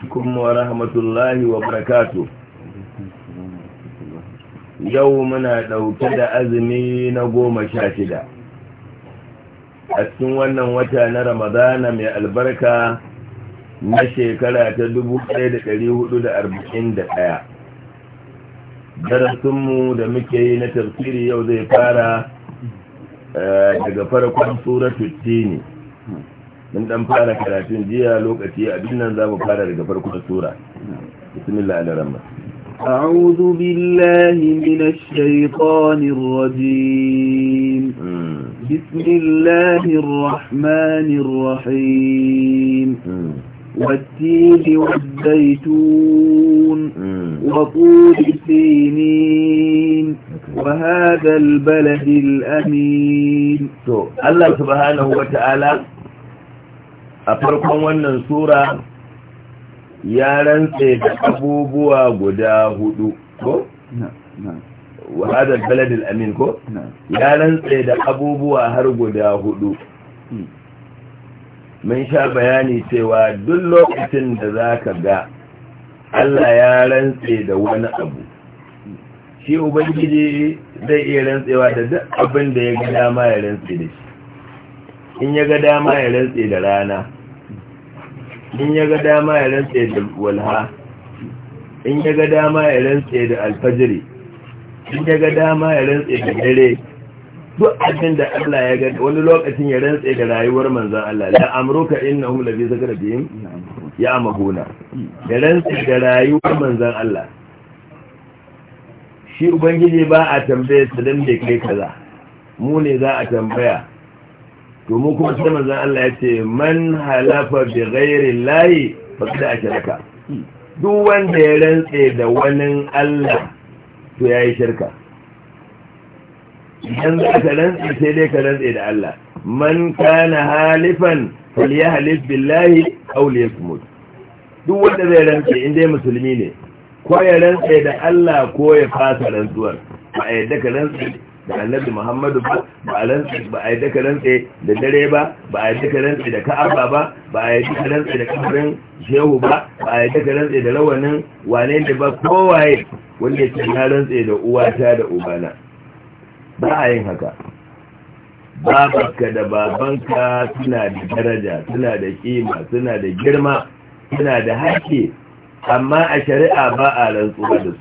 alaikum wa rahmatullahi wa barakatu yau muna ɗauke da azumi na goma sha shida a cikin wannan wata na ramadana mai albarka na shekara ta ɗaya. darasinmu da muke yi na tafsiri yau zai fara daga farkon suratul tini mun dan fara karatun jiya lokaci abin nan zamu fara daga farkon sura bismillah al-rahman أعوذ بالله من الشيطان الرجيم بسم الله الرحمن الرحيم والتين والزيتون وطول سينين وهذا البلد الأمين الله سبحانه وتعالى a farkon wannan sura ya rantse da abubuwa guda hudu ko? wahadar baladin amin ko? ya rantse da abubuwa har guda hudu hmm. mun sha bayani cewa duk lokacin da za ka ga Allah ya rantse da wani abu shi ubangiji zai iya rantsewa da duk abin da ya ga dama ya rantse da shi in ya ga dama ya rantse da rana in ya ga dama ya rantse da walha in ya ga dama ya rantse da alfajiri in ya ga dama ya rantse da dare duk abin da Allah ya ga wani lokacin ya rantse da rayuwar manzon Allah la amruka innahum la bi zakrabihim ya amhuna ya rantse da rayuwar manzon Allah shi ubangiji ba a tambaye su dan da kai kaza mu ne za a tambaya domin kuma sai manzan Allah ya ce man halafa bi ghairi lahi faqad ashraka duk wanda ya rantse da wani Allah to yayi shirka idan za ka rantse sai dai ka rantse da Allah man kana halifan falyahlif billahi aw liyasmut duk wanda zai rantse inda ya musulmi ne ko ya rantse da Allah ko ya fasa rantsuwar ba a yadda ka rantse da annabi muhammadu ba ba a rantsi ba a yi daka rantse da dare ba ba a yi daka rantse da ka'aba ba ba a yi daka rantse da kabarin shehu ba ba a yi daka rantse da rawanin wane da ba kowaye wanda ya na rantse da uwata da ubana ba a yin haka babanka da babanka suna da daraja suna da kima suna da girma suna da haƙƙi amma a shari'a ba a rantsuwa da su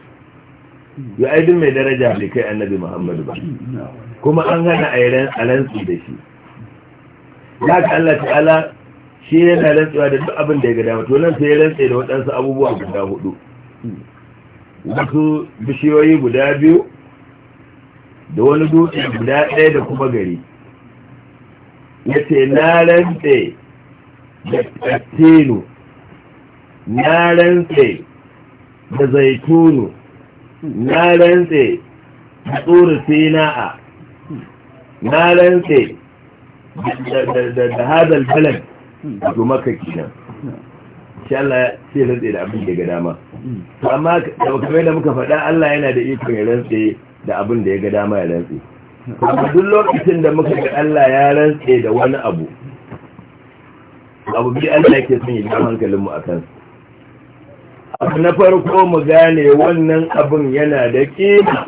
ya mai daraja bai kai annabi muhammadu ba kuma an hana a rantsi da shi ya ka Allah ta'ala shi ne yana rantsuwa da duk abin da ya gada to nan sai ya rantsa da waɗansu abubuwa guda hudu wasu bishiyoyi guda biyu da wani dutse guda ɗaya da kuma gari ya ce na rantse da kattinu na rantse da zaitunu na rantse da tsoro na rantse da hadal falon a maka kinan shi Allah ya ce rantse da abin da ga dama amma da kamar da muka faɗa Allah yana da ikon ya rantse da abin da ya ga dama ya rantse amma duk lokacin da muka ga Allah ya rantse da wani abu abu bi Allah ke sun yi, damar hankalin mu kansu na farko mu gane wannan abin yana da kima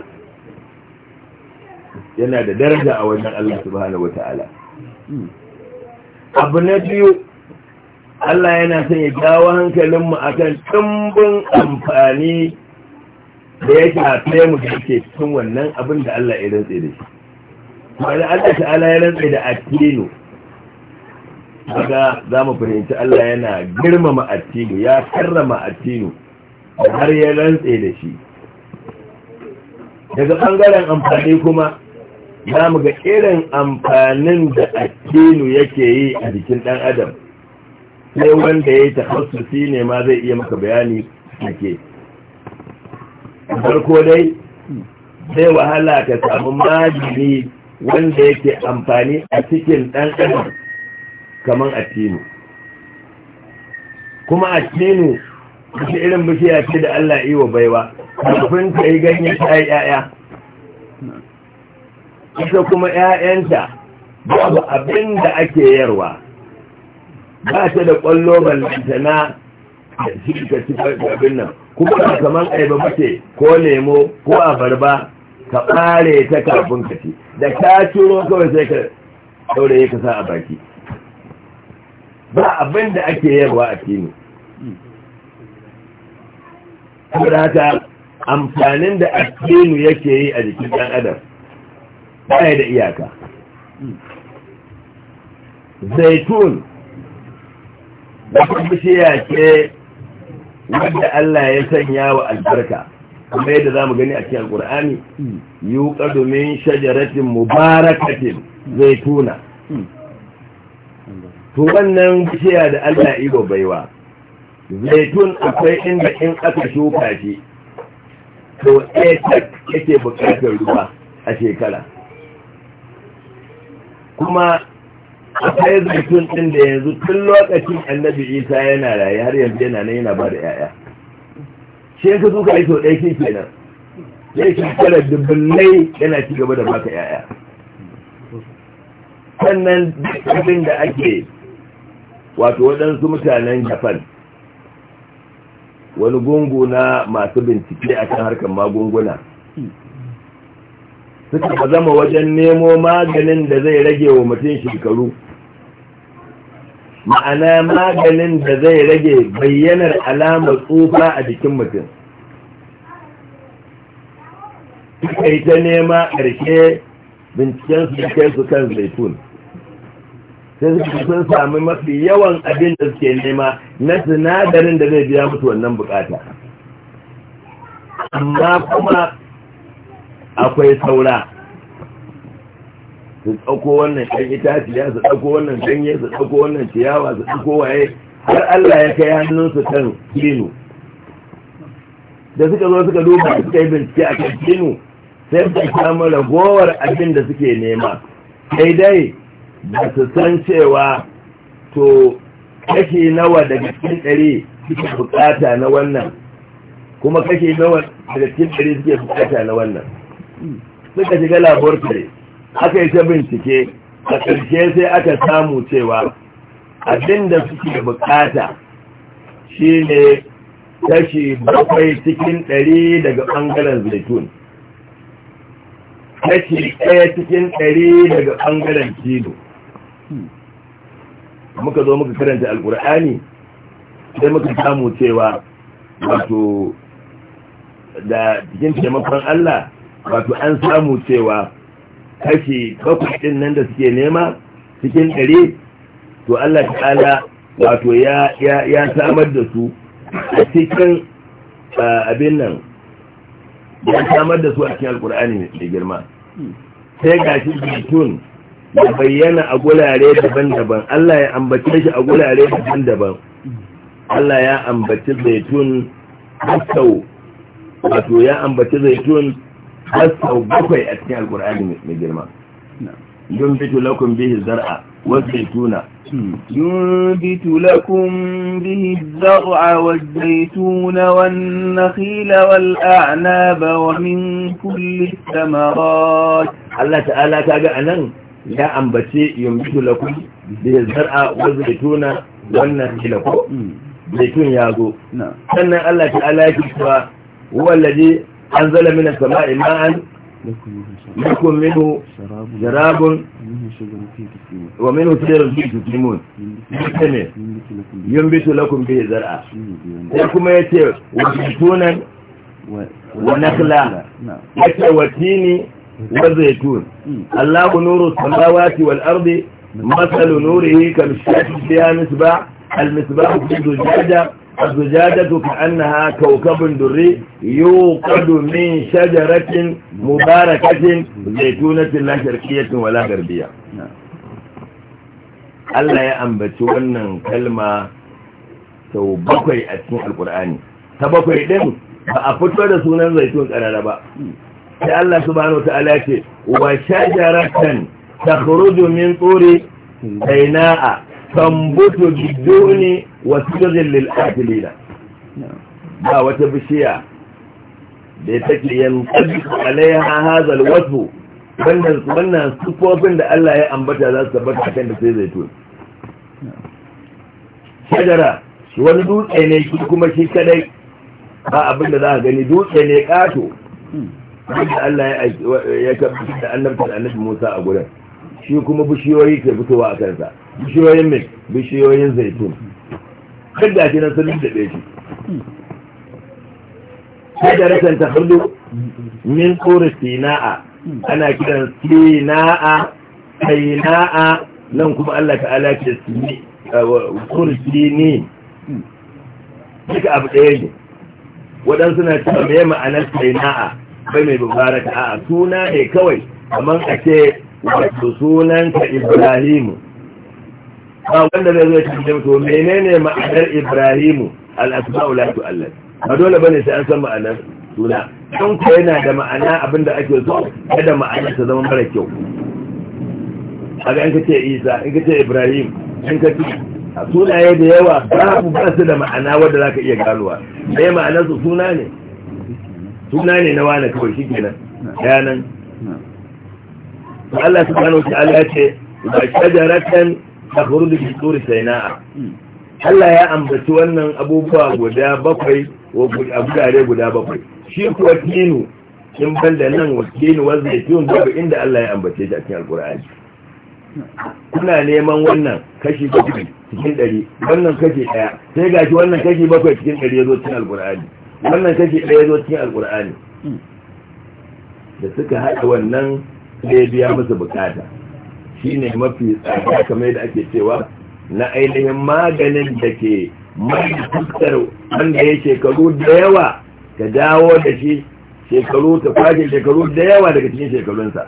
yana da daraja a wajen Allah subhanahu wata'ala abu na biyu Allah yana son ya jawo hankalinmu akan ɗimbin amfani da ya shafe mu da yake cikin wannan abin da Allah ya rantsi da shi wani Allah ta'ala ya rantsi da atinu daga za mu fahimci Allah yana girmama atinu ya karrama atinu da har ya rantse da shi daga ɓangaren amfani kuma za mu ga irin amfanin da addinu yake yi a jikin ɗan adam sai wanda ya yi ne ma zai iya maka bayani ake farko dai sai wahala ka samu magani wanda yake amfani a cikin ɗan adam kaman addinu kuma addinu wata irin bishiya ce da Allah yi wa baiwa kafin ta yi ganyen ta yi ‘ya'ya ita kuma ‘ya'yanta babu abin da ake yarwa ba ta da ƙwallo ballanta na ka ci abin nan kuma ba kamar aiba mace ko lemo ko abarba ka ɓare ta kafin ka ci da ka ciro kawai sai ka ɗaure ka sa a baki ba abin da ake yarwa a cikin saboda amfanin da addinu yake yi a jikin ɗan adam baya da iyaka zaitun da kuma bishiya ce wanda Allah ya sanya wa albarka kuma yadda za mu gani a cikin alkur'ani yi domin shajaratin mubarakatin zaituna to wannan bishiya da Allah ibo baiwa zaitun akwai inda in aka shuka shi to etek yake bukatar ruwa a shekara kuma akwai zaitun ɗin da yanzu tun lokacin annabi isa yana raye har yanzu yana nan yana ba da yaya shi suka yi iso ɗaya ke nan zai shekara dubbinai yana ci gaba da baka yaya sannan duk abin da ake wato waɗansu mutanen japan wani gungu na masu bincike a kan harkar magunguna suka ba zama wajen nemo maganin da zai rage wa mutum shekaru ma'ana maganin da zai rage bayyanar alamar tsufa a jikin mutum suka yi ta nema ƙarshe bincikensu da kai su kan zaitun sai suka sun sami mafi yawan abin da suke nema na sinadarin da zai biya musu wannan bukata amma kuma akwai saura su ɗauko wannan ɗan itaciya su ɗauko wannan ganye su ɗauko wannan ciyawa su ɗauko waye har Allah ya kai hannunsu kan kinu da suka zo suka duba suka yi bincike a kan kinu sai suka samu ragowar abin da suke nema sai dai ba su san cewa to kashi nawa daga cikin ɗari suke bukata na wannan kuma kashi nawa daga cikin ɗari suke bukata na wannan suka shiga laboratory aka yi ta bincike a ƙarshe sai aka samu cewa abinda suke bukata shi ne kashi bakwai cikin ɗari daga ɓangaren zaitun kashi ɗaya cikin ɗari daga ɓangaren kilo muka zo muka karanta alkur'ani sai muka samu cewa wato da cikin taimakon Allah wato an samu cewa kashi bakwai ɗin nan da suke nema cikin ɗare to Allah ta'ala wato ya samar da su a cikin abin nan ya samar da su a cikin alkur'ani da girma sai ga shi ya bayyana a gurare daban-daban Allah ya ambace shi a gurare daban-daban Allah ya ambaci zaitun hasau wato ya ambaci zaitun hasau bakwai a cikin alkur'ani mai girma ينبت لكم به الزرع والزيتون ينبت لكم به الزرع والزيتون والنخيل والأعناب ومن كل الثمرات الله تعالى كاقع نن ya ambace yin bisu lakun da ya zara wanzu da tuna wannan tilako da tun yago. sannan allah ta alaƙi cewa wallaje an zala mina sama ima'an lakun minu jarabun wa minu tsirin fiye su timon ne yin bisu lakun bai zara ya kuma ya ce wa tunan wa nakla ya ce wa tini والزيتون الله نور السماوات والأرض مثل نوره كمشكاة فيها مسبع المسبع في الزجاجة الزجاجة كأنها كوكب دري يوقد من شجرة مباركة زيتونة لا شركية ولا غربية Allah ya ambaci wannan kalma sau bakwai a cikin alkur'ani ta bakwai ɗin ba a fito da sunan zaitun ƙarara ba sai Allah subhanahu ta'ala ce wa shajaratan takhruju min turi butu tambutu biduni wa sujudin lil akilina ba wata bishiya da take yanzu. alaiha hadha wasu wannan wannan sufofin da Allah ya ambata za su tabbata kan da sai zai zaitun shajara wani dutse ne shi kuma shi kadai ba abin da za ka gani dutse ne kato wanda Allah ya tabbatar da da annabi Musa a gurin shi kuma bishiyoyi ke fitowa a kansa bishiyoyin mai bishiyoyin zaitun kan da nan sun da shi sai da rashin ta hullu min tsoro sina'a ana kiran sina'a sina'a nan kuma Allah ta'ala ke tsoro sini duka abu ɗaya ne waɗansu na cewa mai ma'anar sina'a bai mai mubaraka a suna ne kawai kamar a ce wato sunanka ibrahimu ba wanda zai zai cikin to menene ma'anar ibrahimu al'asma'u la tu'allal ba dole bane sai an san ma'anar suna don ko yana da ma'ana abinda ake so kada ma'anar ta zama mara kyau kaga ka ce Isa in ce Ibrahim in A sunaye da yawa babu ba su da ma'ana wanda ka iya ganuwa sai ma'anar su suna ne suna ne na wane kawai shi kenan yanan Allah subhanahu ta'ala ya ce ba shajaratan takhruju fi turi sana'a hmm. Allah ya ambaci wannan abubuwa guda bakwai wa gudare guda bakwai shi kuwa tinu ban banda nan wa tinu ya zaitun babu inda Allah ya ambace shi a cikin alqur'ani kuna neman wannan kashi bakwai cikin ɗari wannan kashi ɗaya sai gashi wannan kashi bakwai cikin ɗari ya zo cikin alqur'ani wannan kashi ɗaya zo cikin Alƙur'ani da suka haɗa wannan ɗaya biya musu bukata shi ne mafi tsada kamar da ake cewa na ainihin maganin da ke mai fuskar wanda ya shekaru da yawa ta dawo da shi shekaru ta kwashe shekaru da yawa daga cikin shekarunsa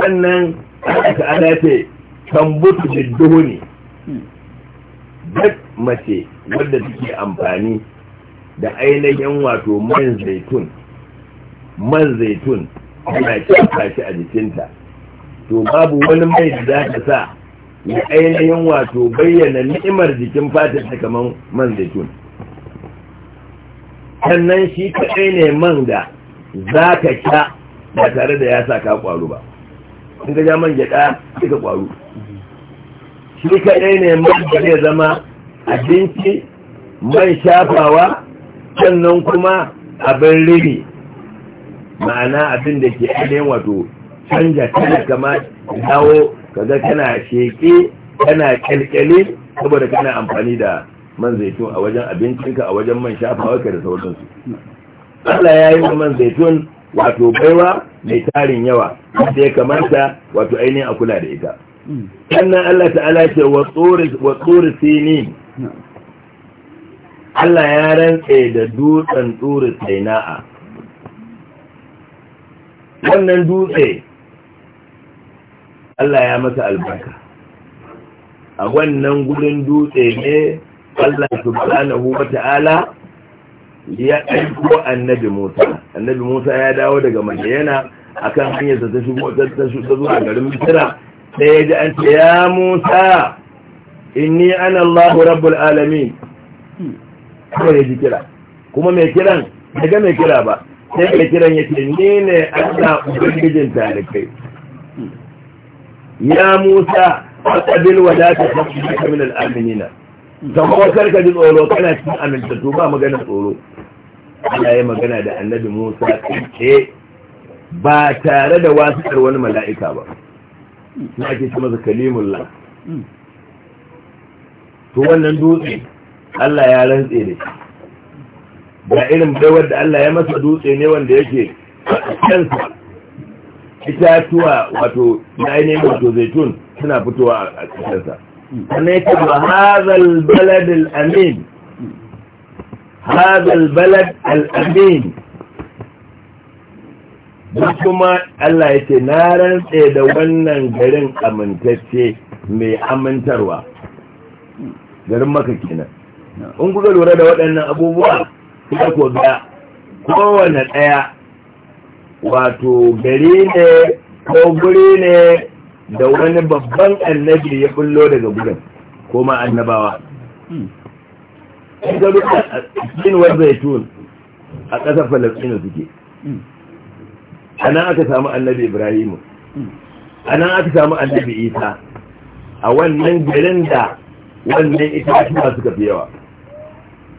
sannan aka ana ce tambutu jiddu ne duk mace wadda take amfani da ainihin wato man zaitun man zaitun tana shafa shi a jikinta to babu wani mai da za ka sa ya ainihin wato bayyana ni'imar jikin ta kamar man zaitun sannan shi kaɗai ne man da za ka sha ba tare da ya sa ka kwaru ba in ka ja man gyaɗa sai ka ƙwaro shi ka ne man da zai zama abinci man shafawa sannan kuma abin rini ma'ana abin da ke ainihin wato canja tana kama dawo kaga kana sheke kana kyalkyale saboda kana amfani da man zaitun a wajen abincinka a wajen man ka da sauransu Allah ya yi wa man zaitun wato baiwa mai tarin yawa wanda ya kamata wato ainihin a kula da ita hmm. sannan Allah ta'ala ce wa tsorisi ne hmm. Allah ya rantse da dutsen tsuri saina'a wannan dutse Allah ya masa albarka a wannan gudun dutse ne Allah subhanahu wa ta'ala ya aiko annabi Musa annabi Musa ya dawo daga Madiyana akan hanyarsa ta shigo ta zuwa garin Misra sai ya ji an ce ya Musa inni ana Allahu rabbul alamin kawai ya ji kira kuma mai kiran daga mai kira ba sai mai kiran yake ce ni ne allah ubangijin talibai ya musa faɗaɗin wadata ta fi kamin min al'aminina kamar ka ji tsoro kana cin amintattu ba magana tsoro ana yi magana da annabi musa tsinke ba tare da wasitar wani mala'ika ba na ake ci masa kalimullah to wannan dutse Allah ya rantse ne ba irin baiwar da Allah ya masa dutse ne wanda yake kansa itatuwa wato na ainihin wato zaitun suna fitowa a ƙasarsa sannan yake ba hazal balad al'amin hazal balad al'amin da kuma Allah ya ce na rantse da wannan garin amintacce mai amintarwa garin maka kenan in kuka lura da waɗannan abubuwa kuma ko ga kowane ɗaya wato gari ne ko guri ne da wani babban annabi ya bullo daga gudun ko ma annabawa in ka a cikin wanda ya tun a ƙasar falasina suke a nan aka samu annabi ibrahimu a nan aka samu annabi isa a wannan garin da wannan ita suka fi yawa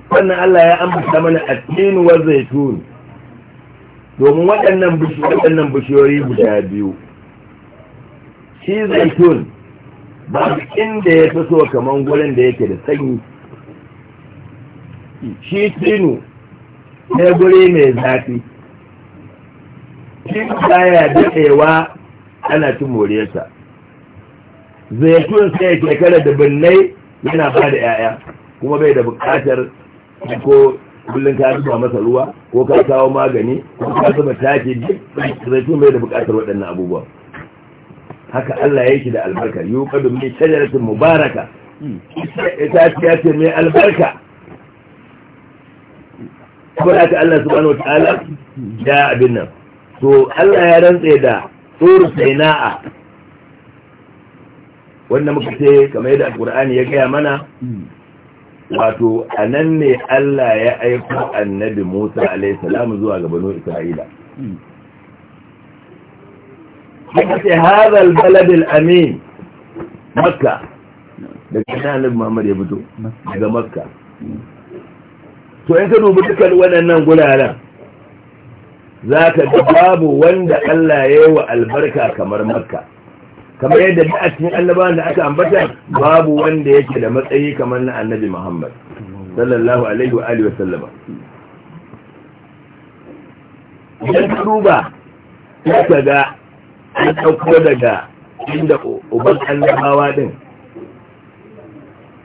wannan Allah ya ambata mana addini wa zaitun domin waɗannan bishiyoyi waɗannan bishiyoyi guda biyu shi zaitun ba inda ya fito kamar gurin da yake da sanyi shi tinu ne guri mai zafi shi baya daɗewa ana cin moriyarsa zaitun sai shekara da binnai yana ba da 'ya'ya kuma bai da bukatar ko kullum ka zuba masa ruwa ko ka kawo magani ko ka zama take duk zaitun bai da bukatar waɗannan abubuwa haka Allah yake da albarka yuqadu mai shajaratin mubaraka ita ya ce mai albarka kamar haka Allah subhanahu wataala ya abin nan to Allah ya rantse da tsoro saina'a wannan muka ce kamar yadda alqur'ani ya gaya mana wato a nan ne Allah ya aiko annabi Musa salam zuwa ga banu Isra'ila. Haka ce hazal baladil amin Makka daga nan annabi Muhammad ya fito daga Makka. To in ka dubi dukkan wannan guraren za ka ga babu wanda Allah ya yi wa albarka kamar Makka. kamar yadda da a cikin annabawan da aka ambata babu wanda yake da matsayi kamar na annabi muhammad sallallahu alaihi wa alihi wasallama idan ka duba ya ka ga an ɗauko daga inda uban annabawa din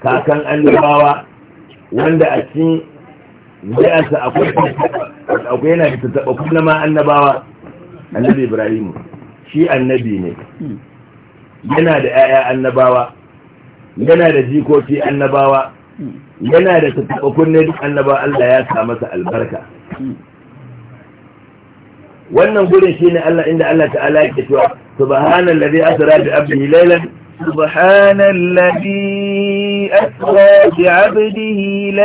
kakan annabawa wanda a cikin jiyarsa akwai yana da taɓa kuma ma annabawa annabi ibrahimu shi annabi ne yana da 'ya'ya annabawa yana da jikoki annabawa yana da tattaɓa kunne duk annaba Allah ya sa masa albarka wannan gurin shi ne Allah inda Allah ta'ala yake cewa subhanallazi asra bi abdihi laylan subhanallazi أسرى بعبده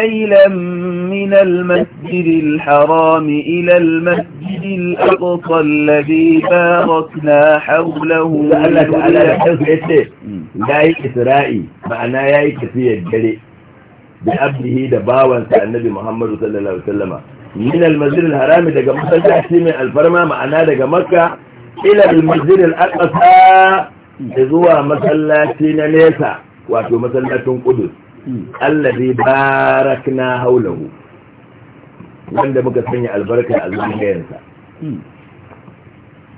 ليلا من المسجد الحرام إلى المسجد الأقصى الذي باركنا حوله ya yi isra'i ma'ana ya yi tafiyar da abdihi da bawansa annabi muhammadu sallallahu alaihi wasallama min almasjid harami daga masallaci mai alfarma ma'ana daga makka ila almasjid al-aqsa zuwa masallaci na nesa wato masallacin ƙudus allazi barakna haulahu wanda muka sanya albarka a gayansa,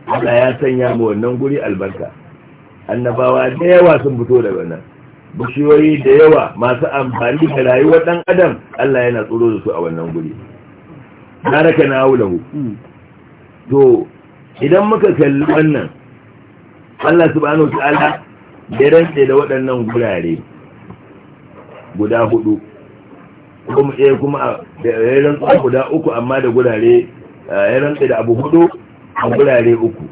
Allah ya sanya mu wannan guri albarka annabawa da yawa sun fito daga nan bishiyoyi da yawa masu amfani da rayuwar dan adam Allah yana tsoro da su a wannan guri barakna na haulahu to idan muka kalli wannan Allah subhanahu wa ta'ala ya da waɗannan gurare guda hudu kuma ɗaya eh, kuma ya rantse guda uku amma da gurare eh, yaren da abu hudu a gurare uku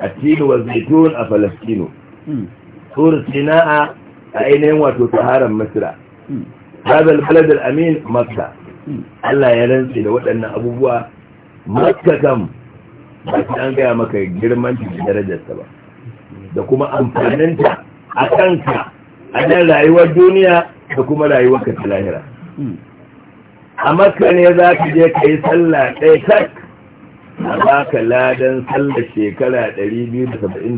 a tilo wa zaitun a falastino tsoro hmm. sina'a a ainihin wato saharan masira babal hmm. baladar amin makka hmm. allah ya rantse da waɗannan abubuwa makka kam ba an gaya maka girman da darajarsa ba da kuma amfaninta a kanka a nan rayuwar duniya da kuma rayuwar ka lahira a makka ne za ka je ka yi sallah ɗaya tak a baka ladan sallah shekara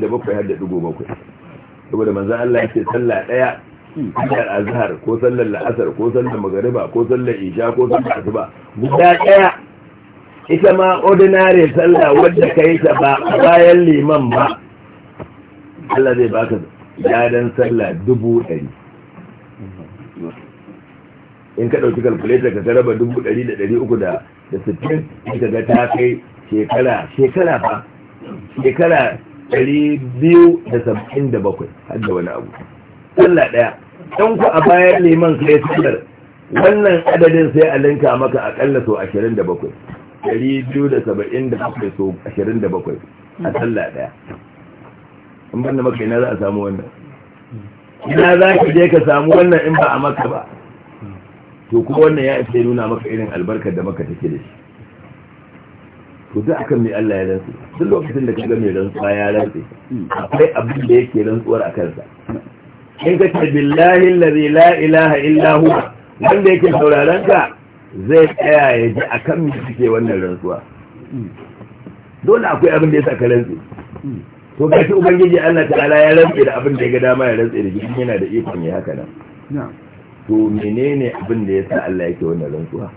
bakwai har da ɗigo bakwai saboda manzan Allah ce sallah ɗaya sallar azhar ko sallar la'asar ko sallar magariba ko sallar isha ko sallar asuba guda ɗaya ita ma ordinary sallah wadda ka yi ta ba bayan liman ba Allah zai baka ladan sallah dubu ɗari in ka ɗauki kalkulator ka zaraba dubu ɗari da ɗari uku da sittin in ka ga ta kai shekara shekara ba. shekara ɗari biyu da saba'in da bakwai har da wani abu sallah ɗaya ɗan ku a bayan neman kai sallar wannan adadin sai a linka maka aƙalla so ashirin da bakwai ɗari biyu da saba'in da bakwai so ashirin da bakwai a sallah ɗaya in ban da maka ina za a samu wannan ina za ka je ka samu wannan in ba a maka ba to kuma wannan ya isa nuna maka irin albarkar da maka take da shi to duk akan mai Allah ya rantsu duk lokacin da kaga mai rantsuwa ya rantsu akwai abin da yake rantsuwar a kansa in ka ce billahi allazi la ilaha illa hu wanda yake sauraron ka zai tsaya ya ji akan me suke wannan rantsuwa dole akwai abin da ya saka rantsu to shi ubangiji Allah ta'ala ya rantsi da abin da ya ga dama ya rantsi da shi yana da ikon ya haka nan to menene abin da yasa Allah yake wannan rantsuwa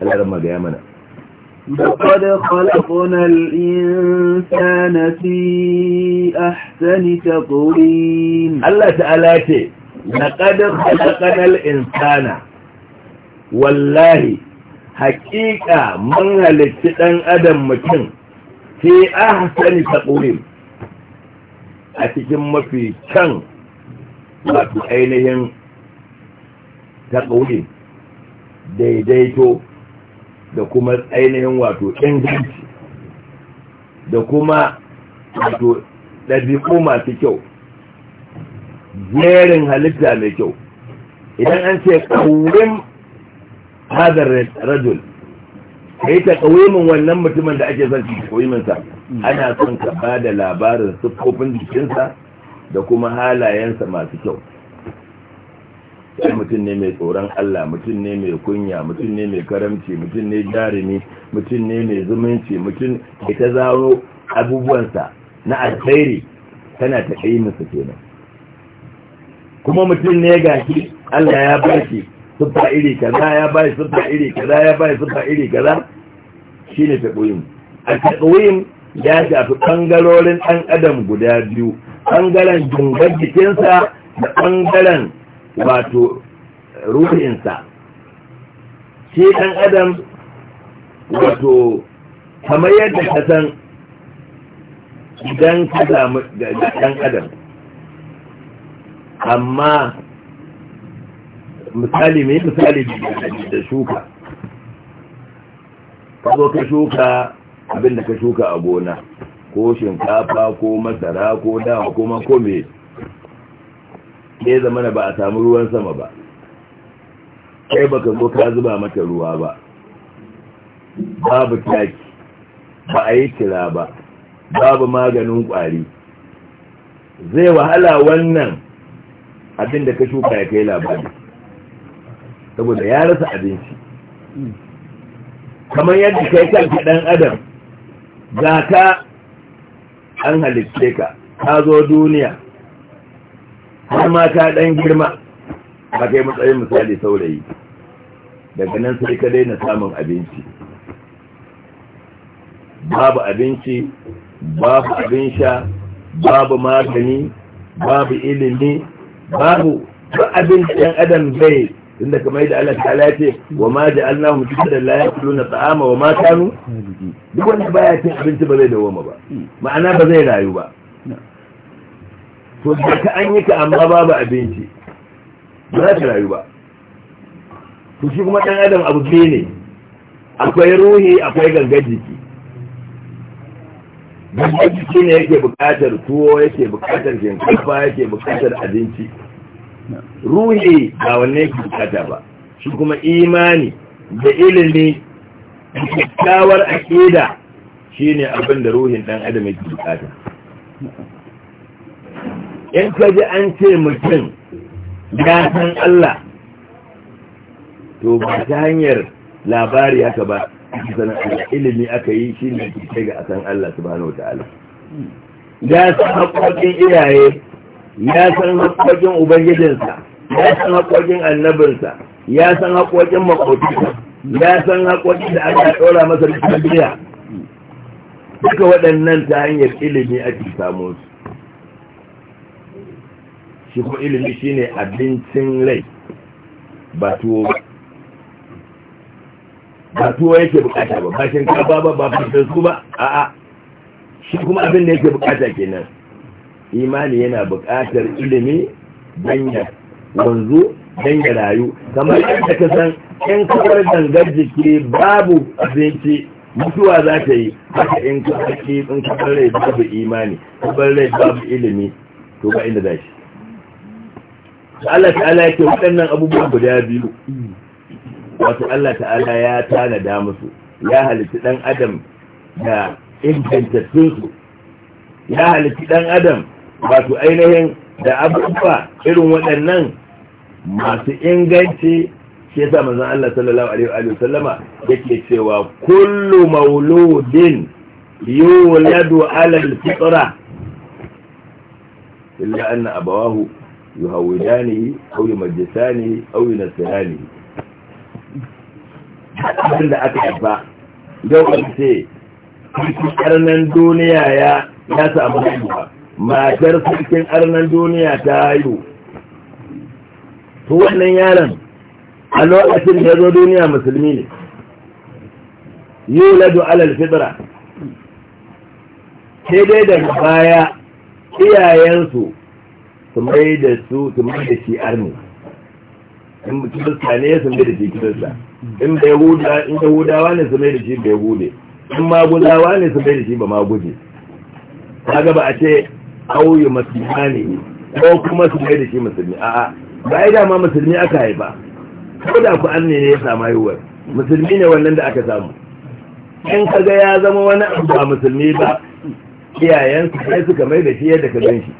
Allah ran magaya mana لقد خلقنا الإنسان في أحسن تقويم الله تعالى تي لقد خلقنا الإنسان والله حقيقة من هلتشتن أدم مكين fi ahsani taqwim a cikin mafi kyan wato ainihin taqwim daidaito da kuma ainihin wato inganci da kuma wato ɗabi'u masu kyau jerin halitta mai kyau idan an ce ƙaurin hadar rajul kai ta kawimin wannan mutumin da ake son ka kawimin sa ana son ka ba da labarin siffofin jikinsa da kuma halayensa masu kyau sai mutum ne mai tsoron Allah mutum ne mai kunya mutum ne mai karamci mutum ne jarumi mutum ne mai zumunci mutum ke ta zaro abubuwansa na alkhairi tana ta kai musu kenan kuma mutum ne shi Allah ya ba shi siffa iri kaza ya ba shi siffa iri kaza ya ba shi siffa iri kaza shi ne taɓoyin a taɓoyin ya shafi ɓangarorin ɗan adam guda biyu ɓangaren jingar jikinsa da ɓangaren wato ruhinsa shi ɗan adam wato kamar yadda ka san idan ka samu ga ɗan adam amma misali mai misali da shuka ka zo ka shuka abin da ka shuka a gona ko shinkafa ko masara ko dawa ko makome ne zamana ba a samu ruwan sama ba kai baka zo ka zuba mata ruwa ba babu taki ba a yi kira ba babu maganin kwari zai wahala wannan abin da ka shuka ya kai labari saboda ya rasa abinci kamar yadda kai kanka dan adam za ka an halitce ka ka zo duniya har ma ka dan girma ba kai matsayin misali saurayi daga nan sai ka daina samun abinci babu abinci babu abin sha babu magani babu ilimi babu duk abin da ɗan adam zai. tunda kamar yadda Allah ta ala ce wa ma ja'alnahum fitatan la ya'kuluna ta'ama wa ma kanu duk wanda baya cin abinci ba zai dawoma ba ma'ana ba zai rayu ba to da ka an yi ka amma babu abinci ba za ka rayu ba to shi kuma dan adam abu biyu ne akwai ruhi akwai gangar jiki gangar jiki ne yake bukatar tuwo yake bukatar shinkafa yake bukatar abinci ruhi ba wanne ke bukata ba shi kuma imani da ilimi da kyakkyawar aƙida shi ne abin da ruhin ɗan adam yake bukata in ka ji an ce mutum ya san Allah to ba ta hanyar labari haka ba ilimi aka yi shi ne ke ga a san Allah subhanahu wa ta'ala ya san haƙoƙin iyaye ya san haƙoƙin ubangijinsa ya san haƙoƙin annabinsa ya san haƙoƙin makotinsa ya san haƙoƙin da aka ɗora masa da duka waɗannan ta hanyar ilimi ake samu su shi ko ilimi ne abincin rai ba tuwo ba tuwo yake bukata ba ba shinkafa ba ba fitarsu ba a'a shi kuma abin da yake bukata kenan imani yana bukatar ilimi don ya wanzu don ya rayu kamar yadda ka san in kawar gangar jiki babu abinci mutuwa za ta yi haka in kawaki in kawar rai babu imani kawar rai babu ilimi to ba inda za shi Allah ta'ala yake waɗannan abubuwan guda biyu wato Allah ta'ala ya tanada musu ya halitta ɗan adam da su ya halitta ɗan adam wato ainihin da abubuwa irin waɗannan masu inganci shi yasa manzon Allah sallallahu alaihi wa sallama yake cewa kullu mauludin yuladu ala al-fitra illa anna abawahu yuhawidani aw yumajjisani aw yunasiranihi abin da aka haifa yau an ce cikin arnan duniya ya ya samu haihuwa matar cikin arnan duniya ta haihu to wannan yaron a lokacin da ya zo duniya musulmi ne yuladu alal fitra sai dai daga baya iyayensu su mai da su su mai da shi arni in kirista ne su mai da shi kirista in da yahuda in yahudawa ne su mai da shi da yahude in maguzawa ne su mai da shi ba maguje kaga ba a ce auyu masihani ko kuma su mai da shi musulmi a'a ba yi dama musulmi aka haifa ko da ku an ne ya samu haihuwar musulmi ne wannan da aka samu in ka ga ya zama wani abu a musulmi ba iyayensu sai suka mai da shi yadda ka gan shi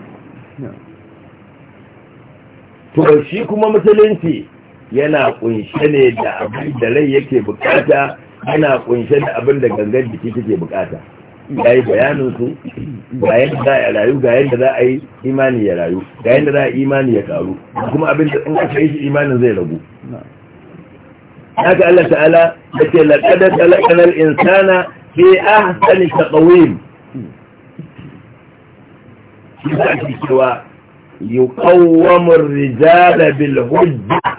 to shi kuma musulunci yana kunshe ne da abin da rai yake bukata yana kunshe da abin da gangan jiki take bukata ya yi bayaninsu ga yadda za a rayu ga yadda za a yi imani ya rayu ga yadda za a yi imani ya karu kuma abin da in aka yi shi imanin zai ragu haka Allah ta'ala da ke laƙadar da laƙanar insana fi ta taqwim shi za ki cewa yuqawwamu ar-rijala bil hujja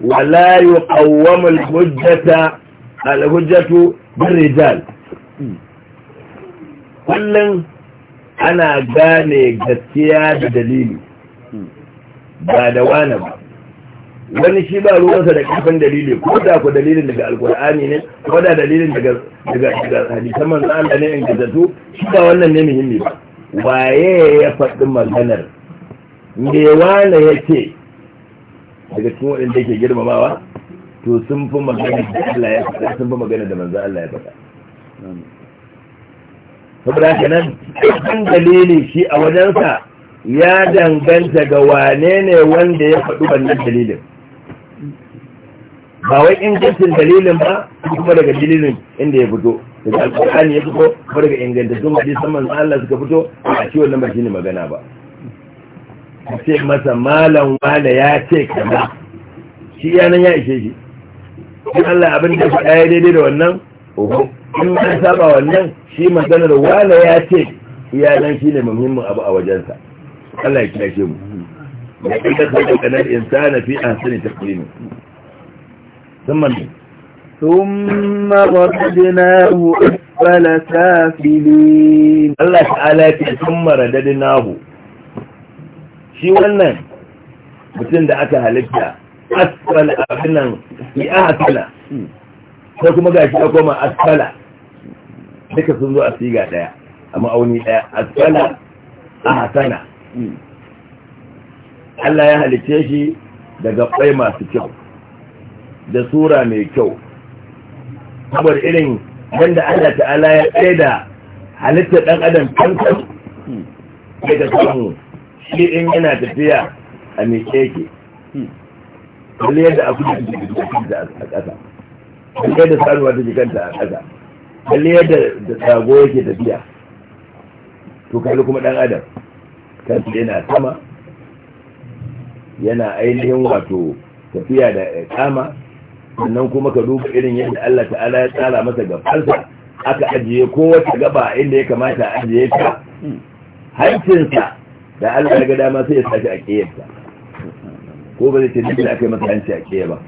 wala la yuqawwamu al-hujjata al-hujjatu bir rijal kullum ana gane gaskiya da dalili ba da wane ba wani shi ba ruwansa da kafin dalili ko da ku dalilin daga alkur'ani ne ko da dalilin daga daga hadisan manzo Allah ne in gazatu shi ba wannan ne muhimmi ba waye ya faɗi maganar me wane yake daga cikin waɗanda yake girmamawa to sun fi magana da Allah ya faɗa sun fi magana da manzo Allah ya faɗa saboda haka nan kan dalili shi a wajensa ya danganta ga wane ne wanda ya faɗi wannan dalilin ba wai ingancin dalilin ba kuma daga dalilin inda ya fito daga alƙur'ani ya fito kuma daga ingantattun hadisan saman Allah suka fito a ci wannan ba ne magana ba ce masa malam Wane ya ce kama. shi yanan ya ishe shi in Allah abin da ya faɗa ya daidai da wannan uku in ba saba wannan shi maganar wala ya ce iyalan shi ne muhimmin abu a wajensa Allah ya kiyaye mu ya kika sai kana insana fi ahsani taqwim thumma thumma hu asfala safilin Allah ta'ala ya ce thumma hu shi wannan mutum da aka halitta asfal abinan ya ahsana sai kuma ga shi ya koma asfala duka sun zo a siga daya a ma'auni daya asfala a hasana Allah ya halice shi daga kwai masu kyau da sura mai kyau kamar irin wanda Allah ta'ala ya tsaye da halittar ɗan adam kankan daga samu shi in yana tafiya a mai keke kalli yadda akwai da a ƙasa kai yadda sanuwa ta jikanta a ƙasa balle yadda da sago yake tafiya to kalli kuma ɗan adam kansu yana sama yana ainihin wato tafiya da kama sannan kuma ka duba irin yadda Allah ta'ala ya tsara masa gabansa aka ajiye kowace gaba inda ya kamata a ajiye ta hancinsa da Allah ya ga dama sai ya sashi a ƙiyarsa ko ba zai ce duk da aka yi masa hanci a ƙiyar ba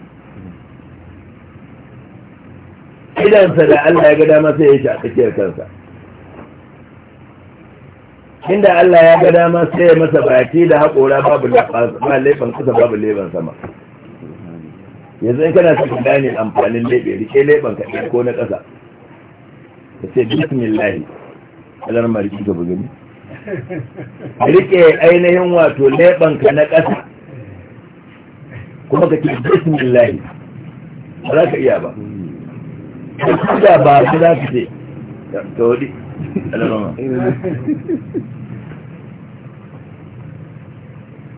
idansa da Allah ya ga dama sai ya shi a tsakiyar kansa inda Allah ya ga dama sai ya masa baki da haƙora babu laifin kusa babu laifin sama yanzu in kana cikin gane amfanin laifin rike laifin kaɗai ko na ƙasa ka ce bismillahi alar mariki ga bugani rike ainihin wato laifin ka na ƙasa kuma ka ce bismillahi ba za ka iya ba da ba su za su ce ta wadi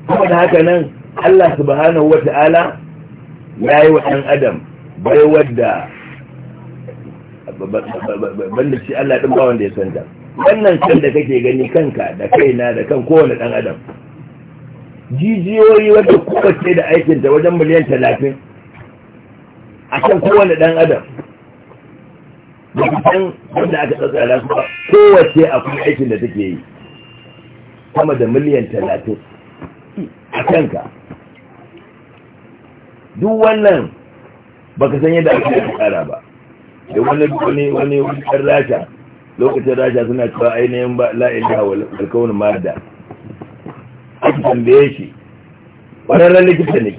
kuma da haka nan Allah subhanahu wa ta'ala ya yi wa ɗan adam bai wadda banda shi Allah ɗin ba wanda ya santa wannan san da kake gani kanka da kaina da kan kowane ɗan adam jijiyoyi wadda kuka ce da aikinta wajen miliyan talatin a kan kowane ɗan adam ba su san wanda aka tsatsara su ba kowace akwai aikin da take yi sama da miliyan talatin a kanka duk wannan ba ka san yadda ake tsara ba da wani wani wani wani rasha lokacin rasha suna cewa ainihin ba la'ila wa alkawun mada aka tambaye shi ƙwararren likita ne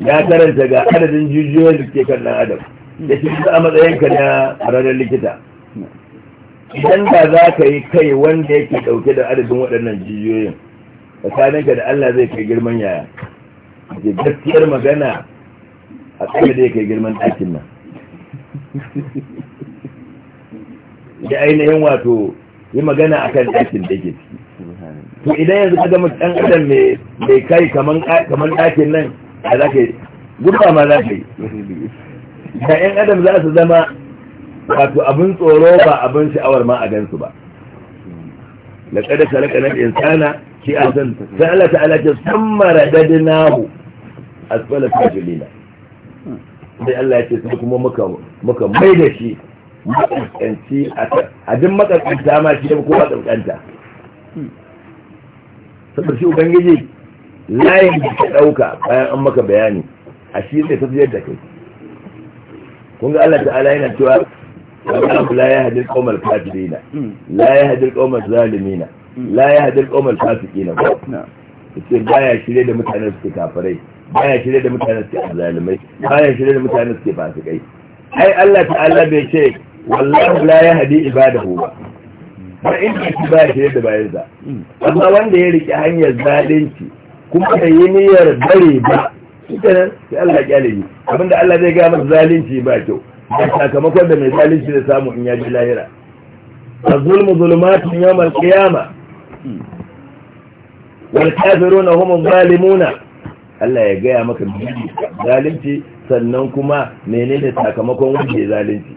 ya karanta ga adadin jijiyoyin da ke kan adam da shi a matsayinka na ranar likita idan ba za ka yi kai wanda yake dauke da adadin waɗannan jijiyoyin tsakaninka da Allah zai kai girman yaya ke gaskiyar magana a tsaye da ya kai girman ɗakin nan da ainihin wato yi magana a kan ɗakin da ke to idan yanzu ka gama ɗan adam mai kai kamar ɗakin nan a za ka yi gurba ma za ka yi da yan adam za su zama wato abin tsoro ba abin sha'awar ma a gansu ba Da kada khalaqna na insana a ahsan sai Allah ta'ala ce thumma su asfala sajilina sai Allah ya ce sai kuma muka muka mai da shi makanci a duk makanta ma shi ko makanta saboda shi ubangiji layin da ka ɗauka bayan an maka bayani a shi zai tafiyar da kai kun ga Allah ta'ala yana cewa Allah la yahdi al-qawm al-kafirin la yahdi al-qawm al-zalimin la yahdi al-qawm al-fasiqin sai baya shirye da mutanen suke kafirai baya shirye da mutanen suke azalimai baya shirye da mutanen suke fasikai ai Allah ta'ala bai ce wallahu la yahdi ibadahu ba har ba shi baya shirye da bayansa hmm. amma wanda ya rike hanyar zalunci kuma da yi niyyar bare ba shi sai Allah ya kyale shi abinda Allah zai gaya masa zalunci ba kyau da sakamakon da mai zalunci da samu in ya ji lahira zulumatu ظلمات يوم wal kafiruna hum zalimuna Allah ya gaya maka zalunci sannan kuma menene sakamakon wanda ya zalunci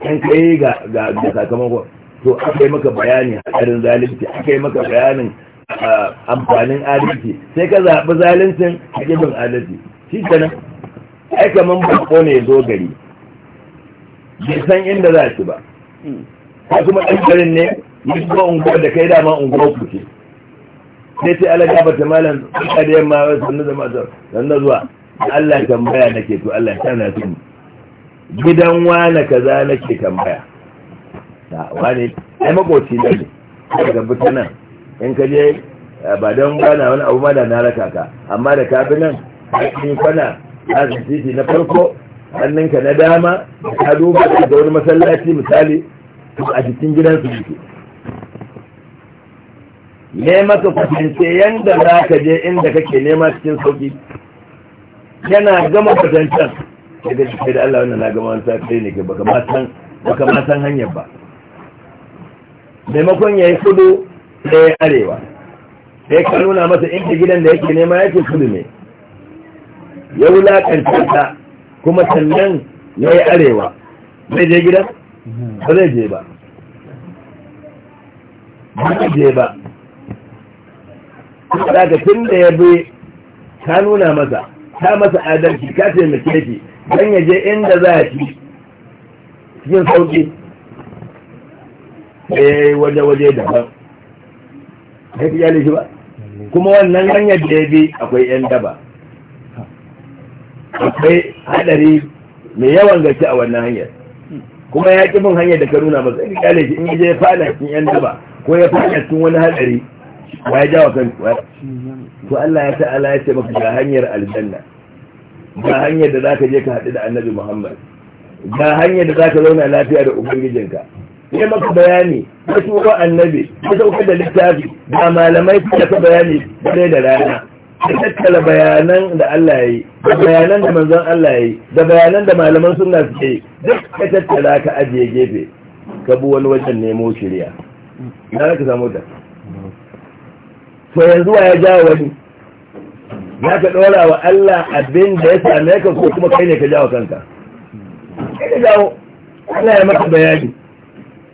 kan kai ga ga sakamakon to akai maka bayani hadarin zalunci akai maka bayanin amfanin adalci sai ka zaɓi zalincin a gibin adalci shi nan ai kaman bako ne ya zo gari bai san inda za shi ba ko kuma ɗan garin ne ya ba unguwar da kai dama unguwar ku ce sai ce ala gaba ta malam a da yamma wai sannu da matar sannu zuwa Allah tambaya ke to Allah ta na su gidan wane kaza ke tambaya ta wane ai makoci ne ka gabi ta nan in ka je Eh, ba don bana wani abu ma da na raka ka amma da kafinan nan haƙin kwana a titi na farko hannunka na dama ka duba da wani masallaci misali a cikin gidansu yake ne ka kwatance yadda za ka je inda kake nema cikin sauki yana gama kwatancen sai da shi da Allah wannan na gama wani sakai ne ke baka ma san hanyar ba maimakon ya yi kudu sai arewa sai ka nuna masa inda gidan da yake nema yake kudu ne ya wulakanta ta kuma sannan ya yi arewa zai je gidan ba zai je ba ba zai je ba daga tun da ya bi ta nuna masa ta masa adalci ka taimake shi don ya je inda za a ci cikin sauki sai eh, waje-waje daban fi yali shi ba kuma wannan hanyar da ya bi akwai 'yan daba akwai hadari mai yawan gaske a wannan hanyar kuma ya kifin hanyar da ka nuna masu in kyale shi in ya je ya fada cikin 'yan daba ko ya fada cikin wani hadari wa ya jawa kan to Allah ya ta'ala ya ce maka ga hanyar aljanna ga hanyar da za ka je ka haɗu da annabi Muhammad ga hanyar da za ka zauna lafiya da ubangijinka ya maka bayani ya ko annabi ya sauka da littafi da malamai suka ta bayani dare da rana da tattala bayanan da Allah ya yi da bayanan da manzon Allah ya yi da bayanan da malaman sunna suke yi duk ka tattala ka ajiye gefe ka bi wani wajen nemo shirya na ka samu ta to yanzu wa ya ja wani ya ka dora wa Allah abin da ya same ka ko kuma kai ne ka jawo kanka kai ka jawo Allah ya maka bayani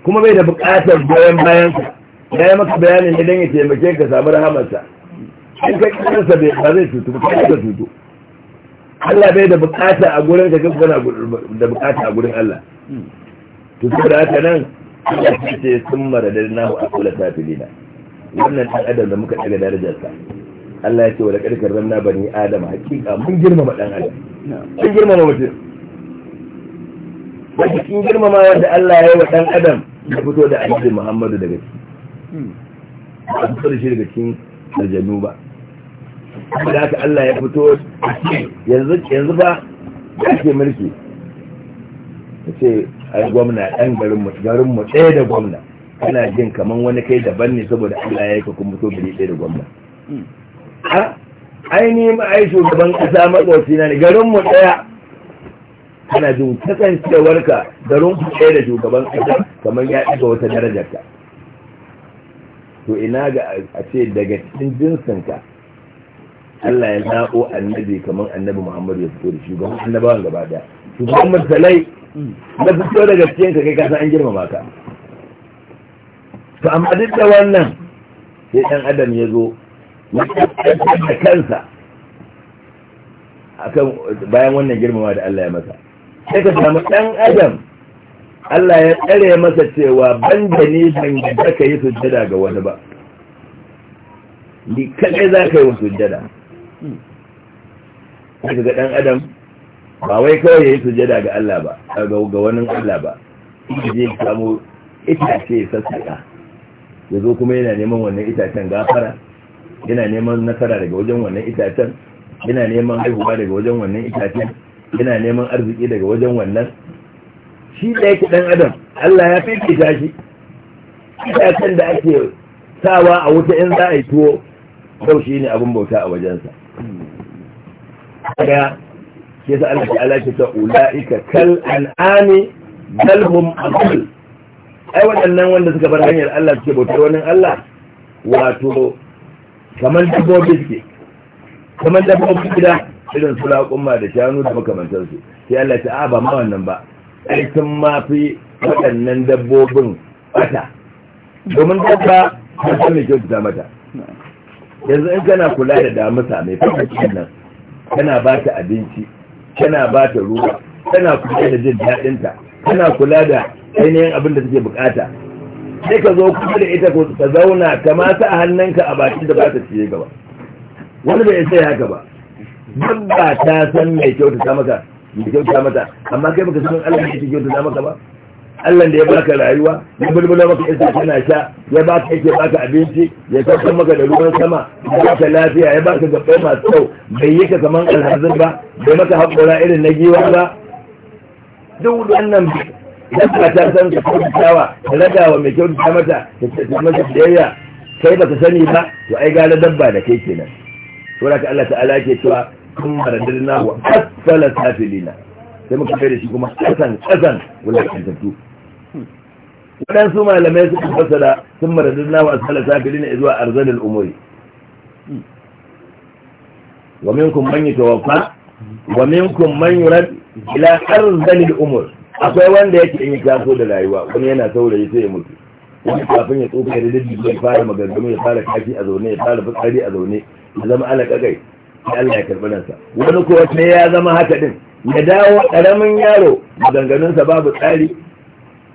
kuma bai da buƙatar goyon bayansa ya yi maka bayanin idan ya taimake ka samu rahamarsa in ka ƙarsa bai ba zai tutu ba kai ka tutu Allah bai da buƙata a gurin ka kuma kana da buƙata a gurin Allah to saboda haka nan Allah ya ce sun maradar nahu a kula tafilina wannan ɗan adam da muka ɗaga darajarsa Allah ya ce wa da ƙarƙar ranna bani adam hakika mun girmama ɗan adam mun girmama mutum wata kin girmama wanda Allah ya yi wa ɗan adam ya fito da annabi muhammadu daga ciki ba fito da shi daga cikin aljanu ba da haka Allah ya fito yanzu yanzu ba ya ke mulki ya ce ai gwamna ɗan garinmu mu ɗaya da gwamna kana jin kaman wani kai daban ne saboda Allah ya yi ka kuma fito biri ɗaya da gwamna hmm. a ainihin ma'aishu gaban ƙasa na ne garinmu ɗaya ana jin ka da rumfa ɗaya da shugaban ƙasa kamar ya ɗaga wata ka to ina ga a ce daga cikin jinsinka Allah ya zaɓo annabi kamar annabi Muhammadu ya fito da shugaban annabawan gaba ɗaya shugaban musalai na fito daga cikin ka kai san an girmama ka to amma duk da wannan sai ɗan adam ya zo ya da kansa akan bayan wannan girmama da Allah ya masa sai ka samu ɗan adam Allah ya tsare masa cewa ban da ni ban da ka yi sujjada ga wani ba ni kaɗai za ka yi wa sujjada sai ga ɗan adam ba wai kawai ya yi sujjada ga Allah ba ga wani Allah ba ita zai samu itace sassaƙa ya zo kuma yana neman wannan itacen gafara yana neman nasara daga wajen wannan itacen yana neman haihuwa daga wajen wannan itacen yana neman arziki daga wajen wannan shi da yake dan adam Allah ya fi shi kan da ake sawa a wuta in za a yi tuwo sau shi ne abin bauta a wajensa daga ke sa Allah ta alaƙi ta ula'ika kal an'ami dalhum akul ai waɗannan wanda suka bar hanyar Allah suke bautar wani Allah wato kamar dabbobi suke kamar dabbobi gida irin su laƙumma da shanu da makamantarsu sai Allah ta ba ma wannan ba ai sun ma fi waɗannan dabbobin bata domin dabba ta san mai kyautata mata yanzu in kana kula da damusa mai fahimci nan kana ba ta abinci kana ba ta ruwa kana kula da jin daɗinta kana kula da ainihin abin da take bukata sai ka zo kusa da ita ka zauna ka mata a hannunka a bakin da ba ta ciye gaba wani bai sai haka ba duk ba ta san mai kyautata maka mai kyautata mata amma kai baka san Allah yake ta maka ba Allah da ya baka rayuwa ya bulbula maka iska kana sha ya baka yake baka abinci ya saukar maka da ruwan sama ya baka lafiya ya baka gaba masu kyau bai yi ka kaman alhazin ba bai maka haƙora irin na giwa ba duk wannan idan ba ta san ka kyautatawa ta raga wa mai kyautata mata ta kyautata mata biyayya kai baka sani ba to ai gane dabba da kai kenan sura ka Allah ta'ala ke cewa sun maradar na wa asfala safilina, sai muka kai da shi kuma kasan kasan wulakantattu waɗansu malamai suka fasara sun maradin na wa asfala tafilina zuwa arzalin umuri wa minkum man yatawaffa wa minkum man yurad ila arzalil umur akwai wanda yake in taso da rayuwa wani yana saurayi sai ya mutu wani kafin ya ya da dadi ya fara maganganu ya fara kashi a zaune ya fara fitsari a zaune ya zama alaƙaƙai Allah ya karɓi ransa wani kuwa sai ya zama haka din ya dawo ƙaramin yaro maganganunsa babu tsari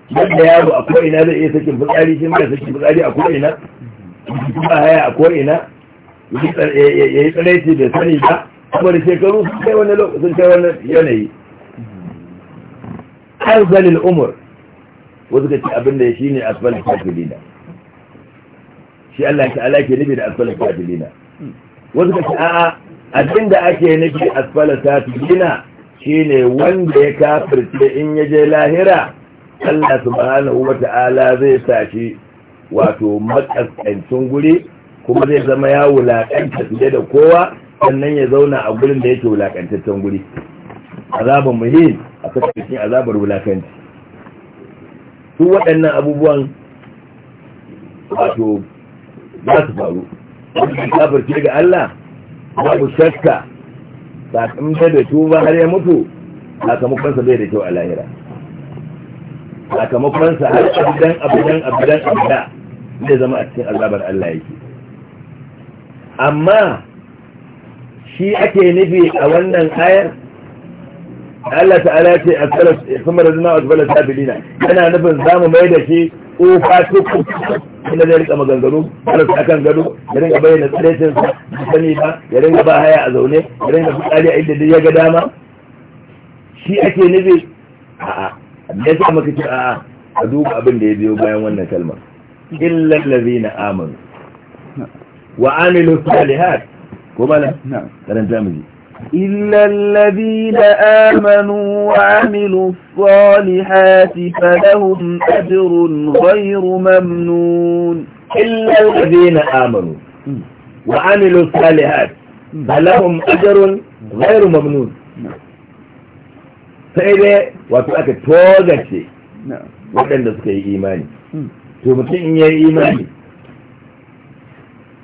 yadda yaro a ko'ina zai iya sakin fitsari shi mai sakin fitsari a ko'ina ba haya a ko'ina ya yi tsaraici da sani ba kamar shekaru sun kai wani lokacin kai wani yanayi arzalin umar wasu ka ce abin da shi ne asfalin kafilina shi Allah ke alaƙe nufi da asfalin kafilina wasu ka ce a'a abinda ake nufi asfala gina shine wanda ya kafirce in ya je lahira Allah subhanahu ta'ala zai tashi wato makaskancin guri kuma zai zama ya wulakanta fiye da kowa sannan ya zauna a gurin da yake wulaƙantaccen guri Azabar muhim a cikin azabar wulaƙanci su waɗannan abubuwan wato za su faru kafirce ga Allah babu shakka ba in bai da ba har ya mutu sakamakonsa bai da kyau a lahira sakamakonsa har abidan abidan abidan abida zai zama a cikin azabar Allah yake amma shi ake nufi a wannan ayar Allah ta'ala ce a tsara kuma razina wasu bala sabilina yana nufin zamu mai da shi tsofa tukun. kuma zai rika maganganu su akan gado ya ringa bayyana sa da sani ba ya ringa ba haya a zaune ya ringa fitsari a inda ya ga dama shi ake nufi a'a me yasa maka ce a'a a duba abin da ya biyo bayan wannan kalmar illal ladina amanu wa amilu salihat ko bala karanta mu إلا الذين آمنوا وعملوا الصالحات فلهم أجر غير ممنون إلا الذين آمنوا وعملوا الصالحات فلهم أجر غير ممنون فإذا وتؤكد توزك شيء وكان لسك إيماني ثم تنين إيماني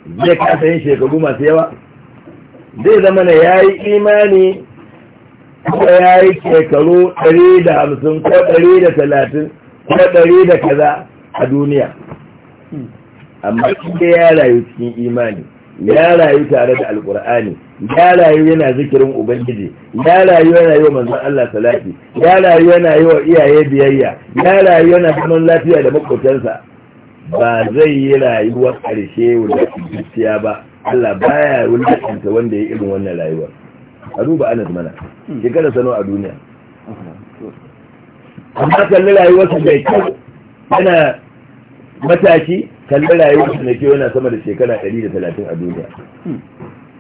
zai kasa yin shekaru masu yawa zai zama na ya yi imani ko ya yi shekaru 150 ko 130 ko 100 da kaza a duniya amma kuma ya rayu cikin imani ya rayu tare da alkur'ani ya rayu yana zikirin ubangiji ya rayu yana yi wa manzan Allah salati ya rayu yana yi wa iyaye biyayya ya rayu yana zaman lafiya da makotansa ba zai yi rayuwar ƙarshe wanda ba Allah baya wani kanta wanda ya irin wannan rayuwar a duba anas mana shekara sano a duniya amma kalli rayuwarsa mai kyau yana matashi kalli rayuwarsa mai kyau yana sama da shekara 130 a duniya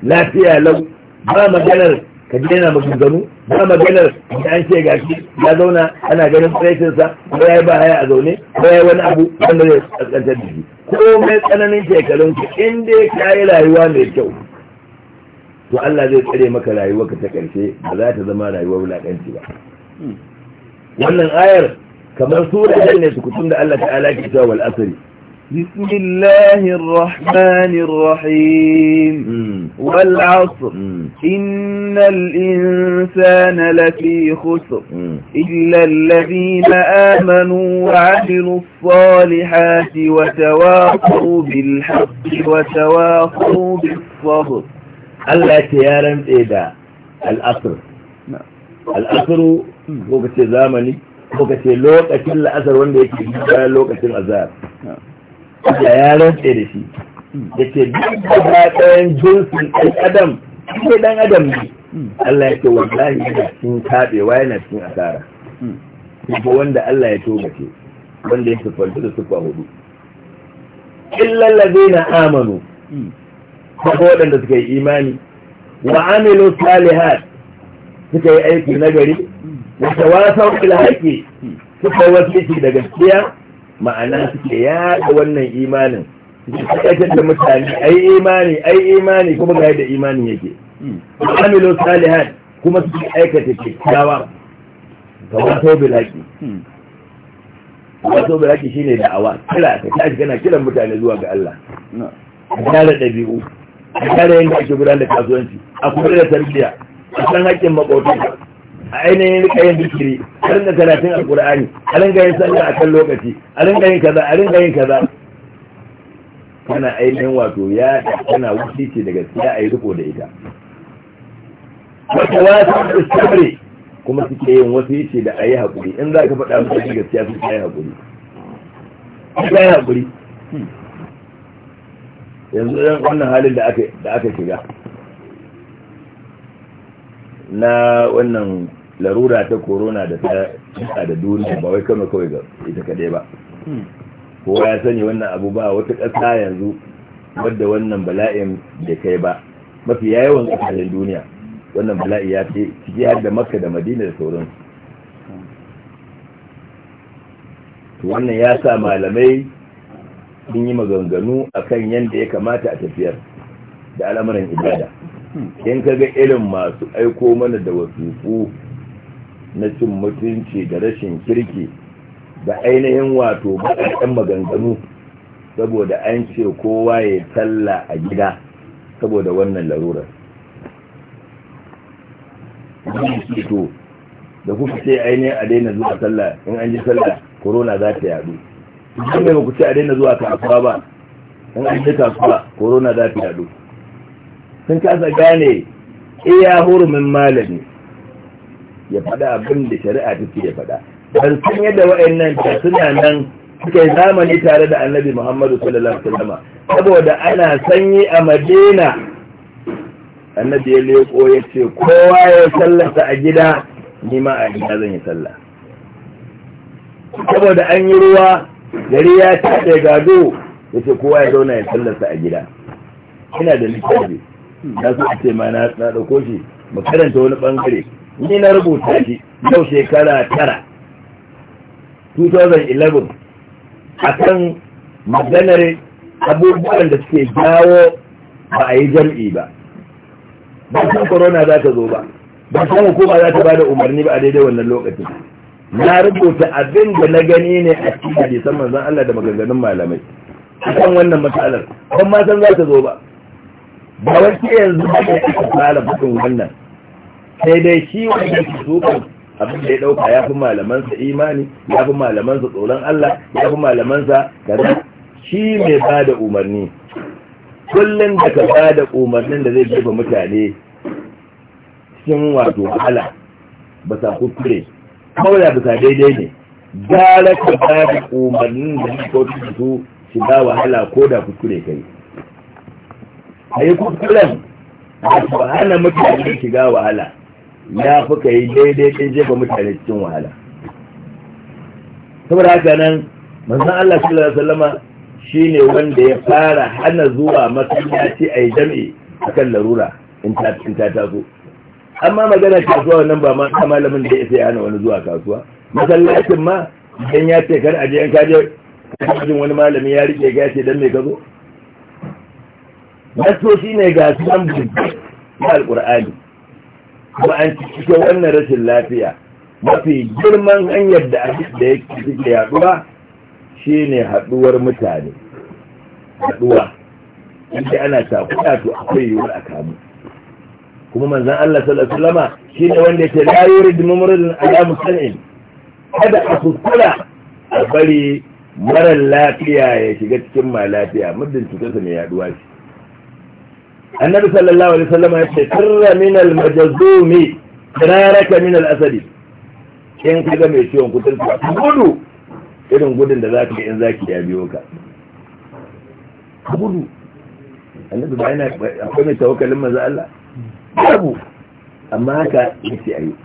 lafiya lau ba maganar ka ji yana maganganu ba maganar da an ce gashi ya zauna ana ganin tsaraitinsa ko ya yi ba haya a zaune ko ya yi wani abu wanda zai tsakantar da shi ko mai tsananin shekarun ka in ya kayi rayuwa mai kyau to Allah zai tsare maka rayuwarka ta karshe ba za ta zama rayuwar wulaƙanci ba hmm. wannan ayar kamar sura ne su kutum da Allah ta'ala ke cewa wal asri بسم الله الرحمن الرحيم والعصر إن الإنسان لفي خسر إلا الذين آمنوا وعملوا الصالحات وتواصوا بالحق وتواصوا بالصبر ألا تيارا إذا الأصر نعم. الأصر هو كتزامني هو كتلوك أكل الأثر وانده يكي lokacin azab Allah ya rantse da shi da ke duk da ɗayan jinsin ɗan adam ne ɗan adam ne Allah ya ce wallahi yana cikin taɓewa yana cikin asara kuma wanda Allah ya toba ce wanda ya sufanta da sufa hudu illal ladina amanu ko waɗanda suka yi imani wa amilu salihat suka yi aiki nagari wa tawasaw bil haqqi suka wasici da gaskiya ma'ana suke yaɗa wannan imanin su tsakatar da mutane ai imani ai imani kuma ga da imanin yake amilu salihan kuma suke aikata kyakkyawa ga wato bilaki wato bilaki shine da'awa kira ka tashi kana kiran mutane zuwa ga Allah a da ɗabi'u a gyara yadda ake gudanar da kasuwanci a kuma da tarbiyya a san haƙƙin maƙotanka a ainihin rika yin zikiri a rinka karatun alkur'ani a rinka yin sallah a kan lokaci a rinka yin kaza a rinka yin kaza kana ainihin wato ya kana wuce ce da gaskiya a yi riko da ita wata wasu da kuma suke yin wasu ce da a yi haƙuri in za ka faɗa musu gaskiya su ka yi haƙuri ka yi haƙuri hmm. yanzu wannan halin da aka shiga na wannan larura ta corona da ta cika da duniya ba wai kama kawai ga ita kadai ba hmm. kowa ya sani wannan abu ba wata ƙasa yanzu wadda wannan bala'in da kai ba mafi yawan ƙasashen duniya wannan bala'i ya ce ciki har da makka da madina da sauran to wannan ya sa malamai sun yi maganganu akan yadda ya kamata a tafiyar da al'amuran ibada in ka ga irin masu aiko mana da wasiƙu na cin mutunci da rashin kirki da ainihin wato baƙaƙen maganganu saboda an ce kowa ya talla a gida saboda wannan larurar da kuka ce ainihin a daina zuwa sallah in an ji sallah corona za ta yadu kuma mai ku ce a daina zuwa kasuwa ba in an ji kasuwa corona za ta yadu sun kasa gane iya hurumin malami ya faɗa abin da shari'a take ya faɗa ban san yadda wa'annan ta suna nan suka yi zamani tare da annabi muhammadu sallallahu alaihi wasallam saboda ana sanyi a madina annabi ya leko ya ce kowa ya sallata a gida ni ma a gida zan yi sallah saboda an yi ruwa gari ya taɗe gado ya ce kowa ya zauna ya sallata a gida ina da littafi na so ce ma na ɗauko shi mu karanta wani ɓangare ni na rubuta shi yau shekara tara 2011 a kan maganar abubuwan da suke jawo ba a yi jam'i ba ba san korona za ta zo ba ba san hukuma za ta ba da umarni ba a daidai wannan lokacin na rubuta abin da na gani ne a cikin hadisan manzon Allah da maganganun malamai akan wannan matsalar ban ma san za ta zo ba ba wasu yanzu ba ne aka tsara bugun wannan sai dai shi wanda ke tukan abin da ya dauka ya fi malamansa imani ya fi malamansa tsoron Allah ya fi malamansa kaza shi mai ba da umarni kullum da ka ba da umarnin da zai jefa mutane cikin wato wahala ba sa kuskure kawai da bisa daidai ne gara ka ba da umarnin da ya kawo su su shiga wahala ko da kuskure kai a yi kuskuren a hana mutane shiga wahala ya fi ka yi daidai ɗin jefa mutane cikin wahala saboda haka nan manzan Allah sallallahu alaihi wasallama shine wanda ya fara hana zuwa masallaci a yi jami'i akan larura in ta taso amma magana kasuwa wannan ba ma malamin da ya sai hana wani zuwa kasuwa masallacin ma idan ya ce kar aje an kaje kajin wani malami ya rike ga ce dan me ka zo shi ne ga su nan bulbi na alƙur'ani kuma an cike wannan rashin lafiya mafi girman hanyar da da yake suke yaduwa shine haduwar mutane haduwa inda ana takuna to akwai yiwuwar a kamu kuma manzan Allah sallallahu alaihi shi ne wanda yake la yurid mumridun ala muslimin kada a kuskura a bari mara lafiya ya shiga cikin ma lafiya muddin cutarsa mai yaduwa shi annabi sallallahu alaihi wasallam ya ce tarra min al-majzumi tararaka min al-asadi in ga mai ciwon ka gudu irin gudun da zaka in zaki ya biyo ka gudu annabi ba yana akwai mai tawakkalin manzo Allah babu amma haka yake ayi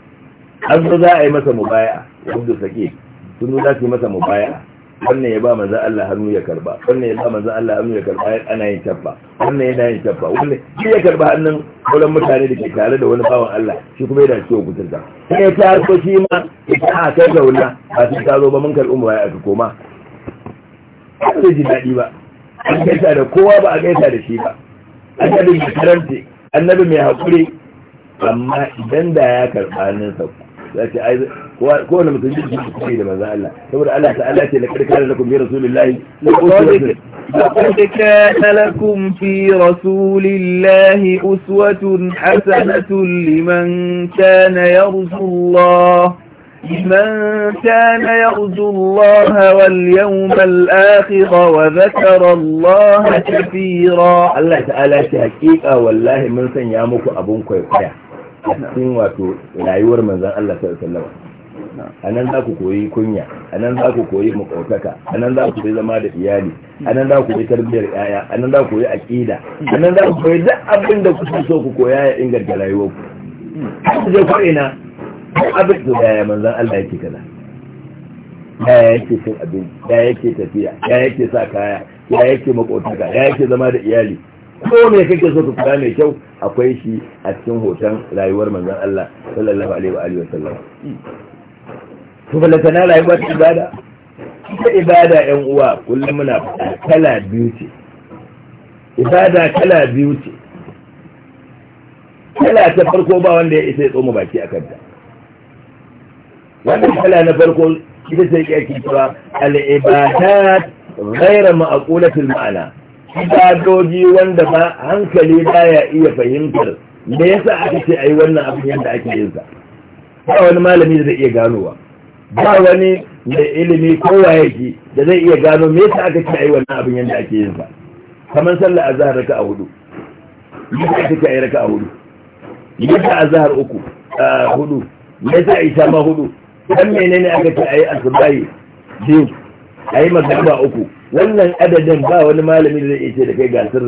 an zo za a yi masa mubaya'a wanda sake sun za su yi masa mubaya'a wannan ya ba manzo Allah hannu ya karba wannan ya ba manzo Allah hannu ya karba ana yin tabba wannan yana yin tabba wannan shi ya karba hannun wurin mutane da ke tare da wani bawan Allah shi kuma yana ciwo kuturta sai ya taso shi ma ya ta a ah, kai zauna ba sai ta zo ba mun karɓi mu ya aka koma ba zai ji daɗi ba an gaisa da kowa ba a gaisa da shi ba An annabi mai karanta annabi mai haƙuri amma idan da ya karɓa hannunsa كونه مثل جد جد كثير لما ذا الله يقول ألا سألاتي لقد كان لكم في رسول الله لقد كان لكم في رسول الله أسوة حسنة لمن كان يرجو الله لمن كان يرجو الله واليوم الآخر وذكر الله كثيرا الله تعالى شهكيك والله من سن يامك أبوك يقيا cikin wato rayuwar manzan Allah sallallahu alaihi wasallam anan za ku koyi kunya anan za ku koyi makautaka anan za ku koyi zama da iyali anan za ku koyi tarbiyyar yaya anan za ku koyi aqida anan za ku koyi duk abin da kuke so ku koya ya inganta rayuwarku ku je ku ina abin da yaya manzan Allah yake kaza ya yake cin abinci ya yake tafiya ya yake sa kaya ya yake makotaka ya yake zama da iyali ko me kake so ka fada mai kyau akwai shi a cikin hoton rayuwar manzon Allah sallallahu alaihi wa alihi wa sallam to balantana rayuwar ibada ita ibada yan uwa kullum muna kala biyu ce ibada kala biyu ce kala ta farko ba wanda ya isa ya tsoma baki a kanta wannan kala na farko ita ce yake cewa al-ibadat ghayra ma'qulatil ma'ana ibadoji wanda ba hankali baya iya fahimtar me yasa aka ce ai wannan abin yadda ake yin sa ba wani malami da zai iya ganowa ba wani mai ilimi ko ji da zai iya gano me yasa aka ce ai wannan abin yadda ake yin sa kamar sallar azhar raka a hudu yadda aka ce ai raka a hudu yadda azhar uku a hudu me yasa isha ma hudu dan menene aka ce ai asbahi biyu a yi magana uku wannan adadin ba wani malami da zai ce da kai gasar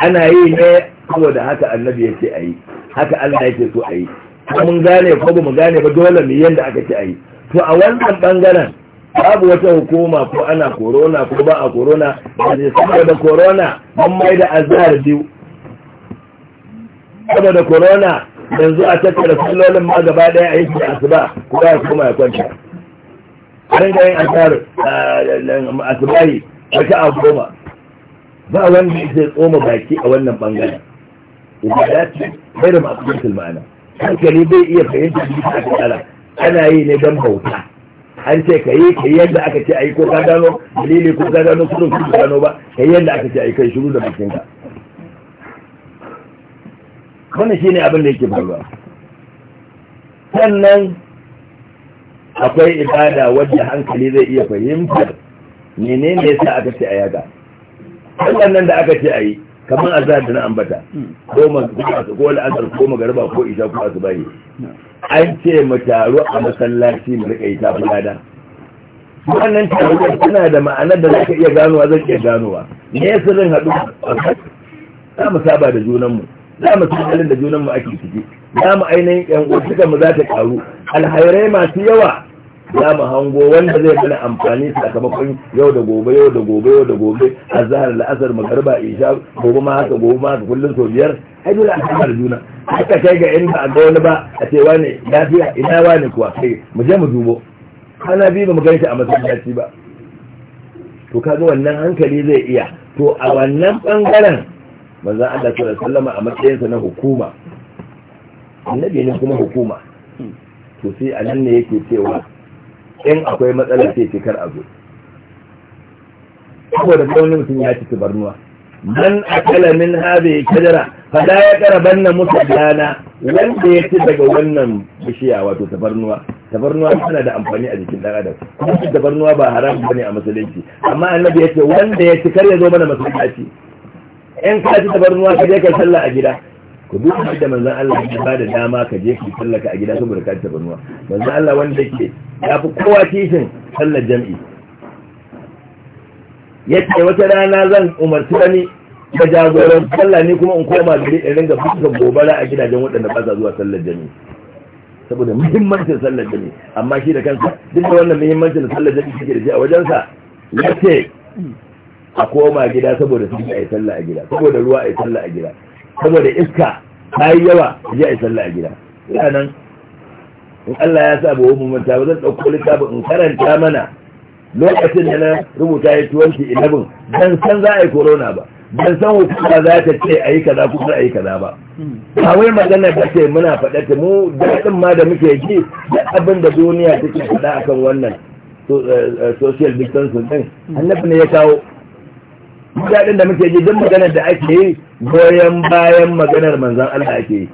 ana yi ne saboda haka annabi ya ce a yi haka allah ya ce so a yi ko mun gane ko ba mu gane ba dole mu yanda aka ce a yi to a wannan bangaren babu wata hukuma ko ana korona ko ba a korona ba zai saboda korona mun mai da azhar biyu saboda korona yanzu a tattara sallolin ma gaba daya a yi su asuba kuma ya koma ya kwanta sai da yin asar asibahi wata a goma ba wanda ya tsoma baki a wannan bangaren ce, bai da ma'akudantul ma'ana hankali bai iya fahimtar bisa a tsara ana yi ne don bauta an ce ka yi ka yadda aka ce ayi ko ka gano dalili ko ka gano kudin kudin gano ba ka yi yadda aka ce ayi kai shiru da bakinka wannan shine abin da yake faruwa sannan akwai ibada wadda hankali zai iya fahimtar menene yasa aka ce a yaga sallan nan da aka ce a yi kamar azhar da na ambata ko masu ko la'asar ko magarba ko isha ko asubahi an ce mu taru a masallaci mu rika ita tafi wannan taruwar tana da ma'anar da zaka iya ganowa zan iya ganowa ne sirrin haɗu za mu saba da junanmu za mu san halin da junanmu ake ciki za mu ainihin yan uwa mu za ta karu alhairai masu yawa za mu hango wanda zai mana amfani sakamakon yau da gobe yau da gobe yau da gobe azhar la'asar magarba isha gobe ma haka gobe ma haka kullum sau biyar ai dole a kamar juna haka kai ga in ba a ga wani ba a ce wani lafiya ina wani kuwa kai mu je mu dubo kana bi ba mu gaishe a masallaci ba to kaga wannan hankali zai iya to a wannan bangaren manzon Allah sallallahu alaihi wasallam a matsayinsa na hukuma annabi ne kuma hukuma to sai anan ne yake cewa in akwai matsalar ce ce kar a zo saboda wani mutum ya ciki barnuwa man akala min hadhihi shajara fa la yaqrabanna musallana wanda ya ci daga wannan bishiya wato tabarnuwa tabarnuwa tana da amfani a jikin dan adam kuma tabarnuwa ba haram bane a musulunci amma annabi yace wanda ya ci kar ya zo mana masallaci in ka ci tabarnuwa ka je ka sallah a gida ku duk da manzan Allah ya ba da dama ka je ki sallaka a gida saboda ka ta banuwa Manzan Allah wanda yake ya fi kowa kishin sallar jam'i yace wata rana zan umarci wani da jagoran sallah ne kuma in koma gari in ringa fuskar gobara a gidajen waɗanda ba sa zuwa sallar jami'i saboda muhimmancin sallar jami'i amma shi da kansa duk da wannan muhimmancin sallar jami'i shi da shi a wajensa yace a koma gida saboda sun a yi sallah a gida saboda ruwa a yi sallah a gida saboda iska ta yi yawa ya a sallah a gida ina nan in Allah ya sa bawo mu manta ba zan ɗauko littafin in karanta mana lokacin da na rubuta ya shi ilabin dan san za a yi korona ba ban san hukuma za ta ce a yi kaza kuma a yi kaza ba ba wai magana ta ce muna faɗa ta mu daɗin ma da muke ji da abin da duniya take faɗa akan wannan eh, eh, social distancing ɗin annabi ne ya kawo daɗin da muke ji duk maganar da ake yi goyon bayan maganar manzan Allah ake yi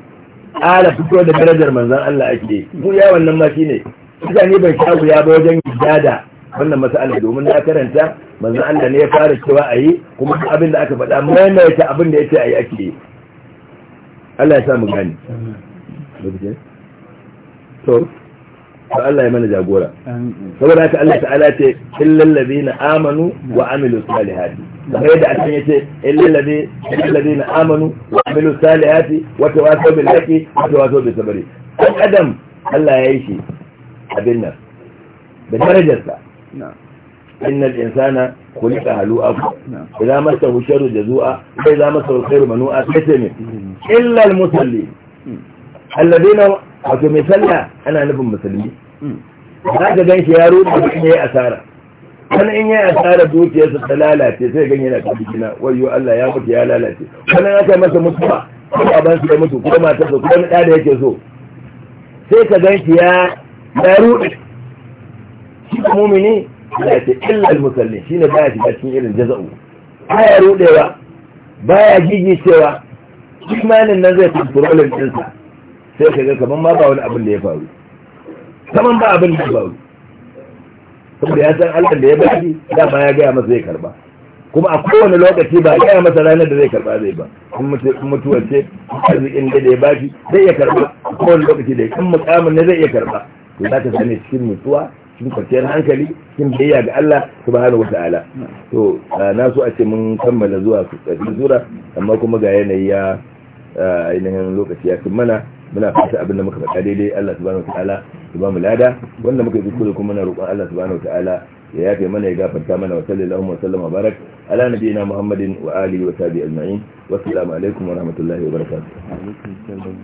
ala fito da darajar manzan Allah ake yi mu ya wannan ma shine suka ne ban shagu ya ba wajen gada wannan masala domin na karanta manzan Allah ne ya fara cewa a yi kuma abin da aka faɗa maimaita abin da ya ce a yi ake yi Allah ya sa mu gani to to Allah ya mana jagora saboda haka Allah ta'ala ce illal ladina amanu wa amilu salihati kamar yadda a cikin yace illal ladina amanu wa amilu salihati wa tawasaw bil haqqi wa tawasaw bis sabr dan adam Allah ya yi shi abin nan da darajarsa innal insana khuliqa halu'a idza masahu sharru jazua wa idza masahu khairu manu'a kasami illa al musallin mm. alladina wato mai sallah ana nufin musalli. Mm. za ka gan shi ya rudu da ya asara wani in ya tsara dukiyarsa ta lalace sai ganye na ta gina wayo Allah ya mutu ya lalace wani ya kai masa mutuwa ko aban su ya mutu ko matarsa ko wani ɗa da yake so sai ka gan shi ya ya rudi shi ko mumini ya ce musalli, musallin shine baya shiga cikin irin jaza'u baya rudewa baya gigicewa imanin nan zai kontrolin ɗinsa sai ka ga kaman ma ba wani abin da ya faru kaman ba abin da ya faru saboda ya san Allah da ya bashi, da dama ya gaya masa zai karba kuma a kowane lokaci ba gaya masa ranar da zai karba zai ba in mutuwa ce arzikin da ya bashi, zai iya karba a kowane lokaci da kan mukamin ne zai ya karba to za ka sani cikin mutuwa cikin kwanciyar hankali cikin biyayya ga Allah subhanahu wataala to na so a ce mun kammala zuwa su zura, amma kuma ga yanayi ya ainihin lokaci ya mana muna fata abin da muka faɗa daidai Allah subhanahu wataala ya ba mu lada wanda muka yi kuskure kuma na roƙon Allah subhanahu wataala ya yafe mana ya gafarta mana wa sallallahu wa sallama barak ala nabiyina muhammadin wa alihi wa sahbihi ajma'in wassalamu alaikum wa rahmatullahi wa barakatuh